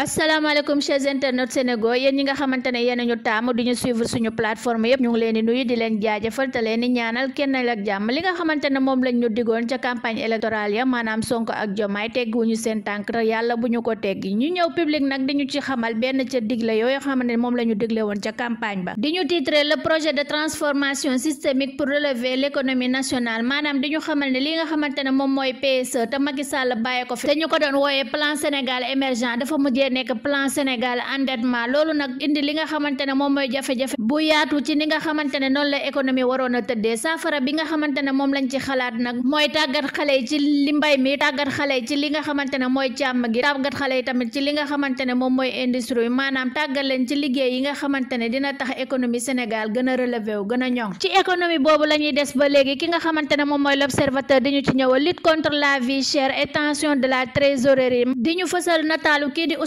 asalaamaaleykum chers internautes Sénégal yéen ñi nga xamante ne yéen ñu taamu di ñu suivre suñu plateforme yëpp ñu ngi leen di nuyu di leen jaajëfal te leen ñaanal kenn ak jàmm li nga xamante ne moom lañ ñu digoon ca campagne électorale ya maanaam Sonko ak Jomaay tegguñu seen tànk yàlla bu ñu ko teggi ñu ñëw public nag di ñu ci xamal benn ca digle yooyu xamante ne moom la ñu digle woon ca campagne ba di ñu titre le projet de transformation systémique pour relever l'économie nationale maanaam di ñu xamal ne li nga xamante ne moom mooy PSE te Macky Sall bàyyi ko fi te ñu ko doon wooyee plan Sénégal émergent dafa mujj mujjee nekk plan Sénégal endettement loolu nag indi li nga xamante ne moom mooy jafe-jafe bu yaatu ci ni nga xamante ne noonu la économie waroon a tëddee saafara bi nga xamante ne moom lañ ci xalaat nag mooy tàggat xale yi ci mi tàggat xale ci li nga xamante ne mooy càmm gi tàggat xale yi tamit ci li nga xamante ne moom mooy industrie maanaam tàggat leen ci liggéey yi nga xamante ne dina tax économie Sénégal gën a relevé wu gën a ñoŋ ci économie boobu la des ba léegi ki nga xamante ne moom mooy l'observateur di ñu ci ñëwal lutte contre la vie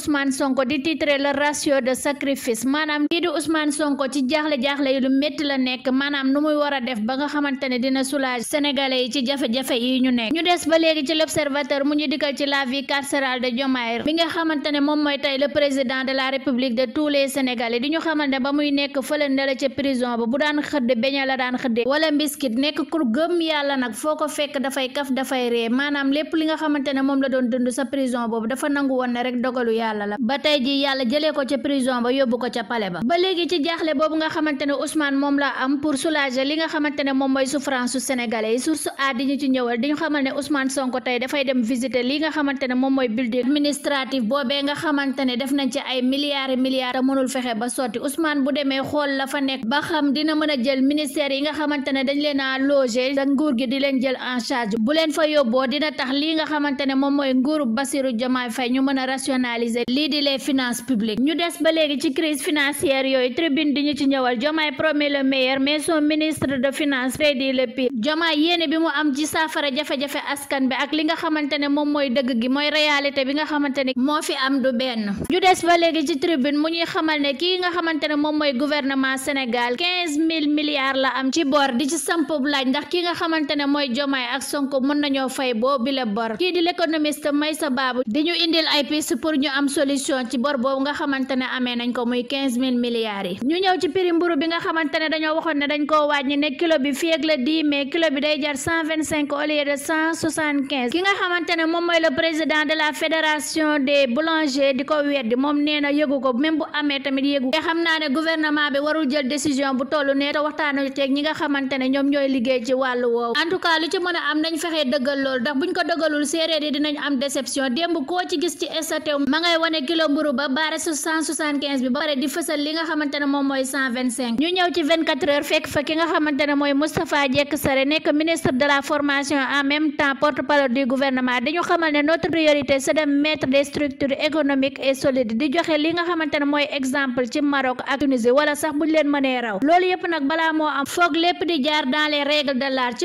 Ousmane Sonko di titre le ratio de sacrifice maanaam kii di Ousmane Sonko ci jaaxle-jaaxle yi lu métti la nekk maanaam nu muy war def ba nga xamante ne dina soulager sénégalais yi ci jafe-jafe yi ñu nekk ñu des ba léegi ci l'observateur mu ñu dikkal ci la vie carcérale de Diomaye bi nga xamante ne moom mooy tey le président de la république de tous les sénégalais di ñu xamal ne ba muy nekk fële ndala ca prison ba bu daan xëdd beñe la daan xëddee wala mbiskit nekk ku gëm yàlla nag foo ko fekk dafay kaf dafay ree maanaam lépp li nga xamante ne moom la doon dund sa prison boobu dafa nangu woon ne rek dogalu yàlla la ba tey ji yàlla jëlee ko ca prison ba yóbbu ko ca pale ba ba léegi ci jaaxle boobu nga xamante ne Ousmane moom la am pour soulager li nga xamante ne moom mooy souffrance su sénégalais yi source a di ñu ci li nga xamante ne moom mooy building administratif boobee nga xamante ne def nañ ci ay milliards et milliards mënul fexe ba sotti Ousmane bu demee xool la fa nekk ba xam dina mën a jël ministère yi nga xamante ne dañ leen a logé da nguur gi di leen jël en charge bu leen fa yóbboo dina tax lii nga xamante ne moom mooy nguuru Bassirou Diomaye Faye ñu mën a rationaliser lii di les finance publique ñu des ba léegi ci crise financière yooyu tribune di ñu ci ñëwal Diomaye promet le meilleur mais son ministre de finance prédit le pire Diomaye yéene bi mu am ci saafara jafe-jafe askan bi ak li nga xamante ne moom mooy dëgg gi mooy réalité bi nga xamante ne moo fi am du benn ñu des ba léegi ci tribune mu ñuy xamal ne kii nga xamante ne moom mooy gouvernement Sénégal quinze mille milliards la am ci bor di ci samp laaj ndax ki nga xamante ne mooy Diomaye ak Sonko mën nañoo fay boo bi la bor kii di l'économiste Maysa Babou di ñu indil ay pour ñu am solution ci bor boobu nga xamante ne amee nañ ko muy quinze mille milliards yi ñu ñëw ci prix mburu bi nga xamante ne dañoo waxoon ne dañ koo wàññi ne kilo bi fii ak le dix mais kilo bi day jar cent vingt cinq au lieu de cent soixante ki nga xamante ne moom mooy la président de la fédération des boulangers di ko weddi moom nee na yëgu ko même bu amee tamit yëgu nga xam naa ne gouvernement bi warul jël décision bu toll nee te waxtaanu teeg ñi nga xamante ne ñoom ñooy liggéey ci wàll woowu en tout cas lu ci mën a am nañ fexee dëggal loolu buñ ko dëggalul séeréer yi dinañ am déception démb koo ci gis ci estatew ma wane kilo mburu ba baare 175 bi ba pare di fësal li nga xamante moom mooy 125 ñu ñëw ci fekk fa ki nga xamante ne mooy Moustapha Dièck nekk ministre de la formation en même temps porte-parole du gouvernement dañu xamal ne notre priorité c'est de des structures économiques et solides di joxe li nga xamante mooy exemple ci Maroc ak Tunisie wala sax buñ leen mënee raw loolu yëpp nag balaa moo am foog lépp di jaar dans les règles de l'art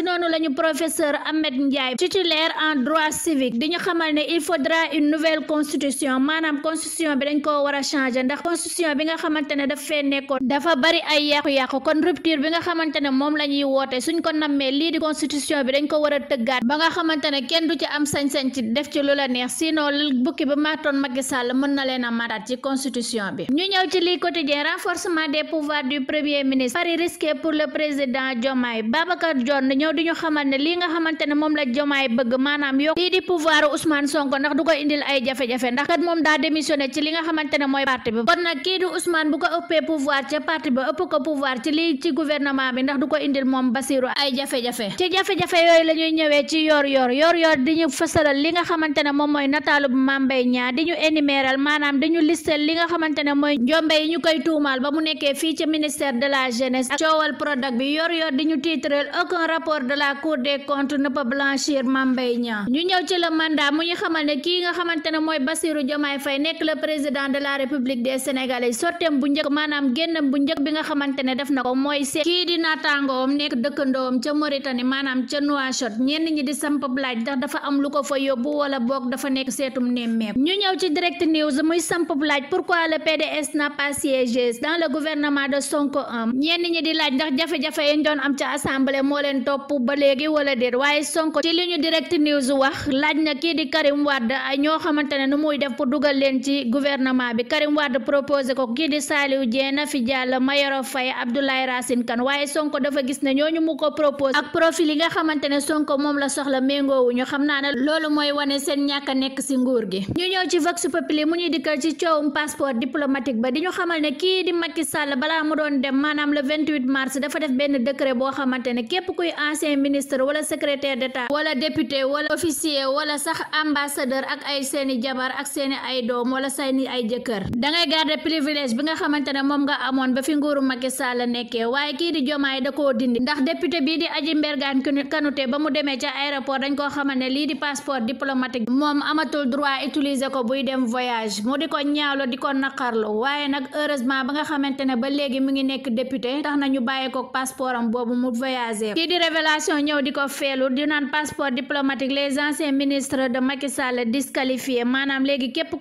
maanaam constitution bi koo war a changer ndax constitution bi nga xamante ne daf fee nekkoon dafa bari ay yàqu-yàqu kon rupture bi nga xamante ne moom la ñuy woote suñ ko nammee lii di constitution bi dañ ko war a tëggaat ba nga xamante ne kenn du ci am sañ-sañ ci def ci lu la neex sinon bukki bi maatoon Macky Sall mën na leen a maraat ci constitution bi ñu ñëw ci lii quotidien renforcement des pouvoirs du premier ministre pari risqué pour le président Diomaye Babacar Dione ñëw di ñu xamal ne lii nga xamante ne moom la Diomaye bëgg maanaam yokk lii di pouvoir Ousmane Sonko ndax du ko indil ay jafe-jafe ndax kat moom daa démissionné ci li nga xamante ne mooy parti bi kon nag kii di Ousmane bu ko ëppee pouvoir ca parti ba ëpp ko pouvoir ci lii ci gouvernement bi ndax du ko indil moom Basiru ay jafe-jafe ci jafe-jafe yooyu la ñëwee ci yoor yoor yoor di ñu fësalal li nga xamante ne moom mooy nataalu bu Mame Mbaye Niang di ñu éniméral maanaam dañu listel li nga xamante ne mooy njombe yi ñu koy tuumaal ba mu nekkee fii ci ministère de la jeunesse ak coowal Prodac bi yoor yoor di la cour des comptes ne peut blanchir Mame Mbaye Niang ñu ñëw ci le mandat Faye nekk le président de la république des sénégalais sortem bu njëkk maanaam génnam bu njëkk bi nga xamante ne def na ko mooy seet kii di naataangoom nekk dëkkandoom ca Mauritanie maanaam ca Nouakchott ñenn ñi di samp laaj ndax dafa am lu ko fa yóbbu wala boog dafa nekk seetum nemmeeku ñu ñëw ci direct news muy samp laaj pourquoi le PDS n'a pas siégé dans le gouvernement de Sonko 1 ñenn ñi di laaj ndax jafe-jafe yi ñu doon am ca assemblée moo leen dugal leen ci gouvernement bi Karim Wade proposé ko kii di Saliou Dieng fi Diallo Mayoro Faye Abdoulaye Racine Kane waaye Sonko dafa gis ne ñooñu mu ko proposé ak profil yi nga xamante ne Sonko moom la soxla méngoowuñu xam naa ne loolu mooy wane seen ñàkk a nekk si nguur gi ñu ñëw ci vox populi mu ñuy dikkal ci coowum passeport diplomatique ba di ñu xamal ne kii di Macky Sall balaa mu doon dem maanaam le 28 mars dafa def benn décret boo xamante ne képp kuy ancien ministre wala secrétaire d'état wala député wala officier wala sax ambassadeur ak ay seeni jabar ak seeni ay doom wala say ni ay jëkkër dangay garder privilège bi nga xamante ne moom nga amoon ba fi nguuru Macky Sall nekkee waaye kii di Diomaye da koo dindi ndax député bii di Adji Mbergane Kanouté ba mu demee ca aéroport dañ koo xamal ne lii di passeport diplomatique moom amatul droit utiliser ko buy dem voyage mu di ko ñaawlo di ko naqarlu waaye nag heureusement ba nga xamante ne ba léegi mu ngi nekk député tax na bàyyi ko passeport am boobu mu voyager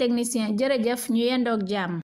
technicien jërëjëf ñu yendoog jàmm